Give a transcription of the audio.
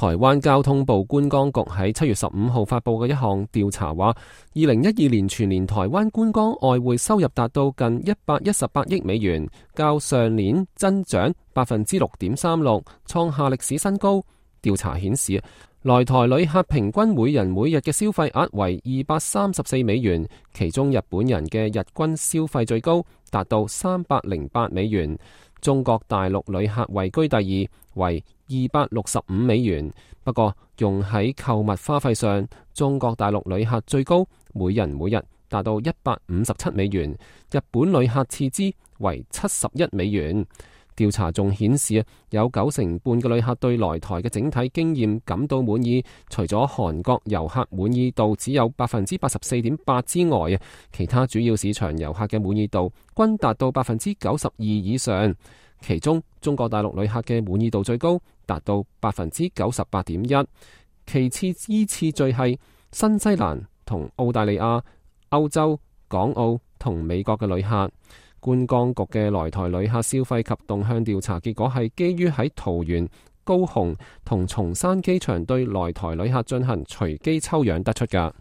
台灣交通部觀光局喺七月十五號發布嘅一項調查話，二零一二年全年台灣觀光外匯收入達到近一百一十八億美元，較上年增長百分之六點三六，創下歷史新高。調查顯示，來台旅客平均每人每日嘅消費額為二百三十四美元，其中日本人嘅日均消費最高，達到三百零八美元。中國大陸旅客位居第二，為二百六十五美元。不過用喺購物花費上，中國大陸旅客最高，每人每日達到一百五十七美元，日本旅客次之，為七十一美元。調查仲顯示，有九成半嘅旅客對來台嘅整體經驗感到滿意。除咗韓國遊客滿意度只有百分之八十四點八之外啊，其他主要市場遊客嘅滿意度均達到百分之九十二以上。其中中國大陸旅客嘅滿意度最高，達到百分之九十八點一，其次依次序係新西蘭同澳大利亞、歐洲、港澳同美國嘅旅客。觀光局嘅來台旅客消費及動向調查結果係基於喺桃園、高雄同松山機場對來台旅客進行隨機抽樣得出㗎。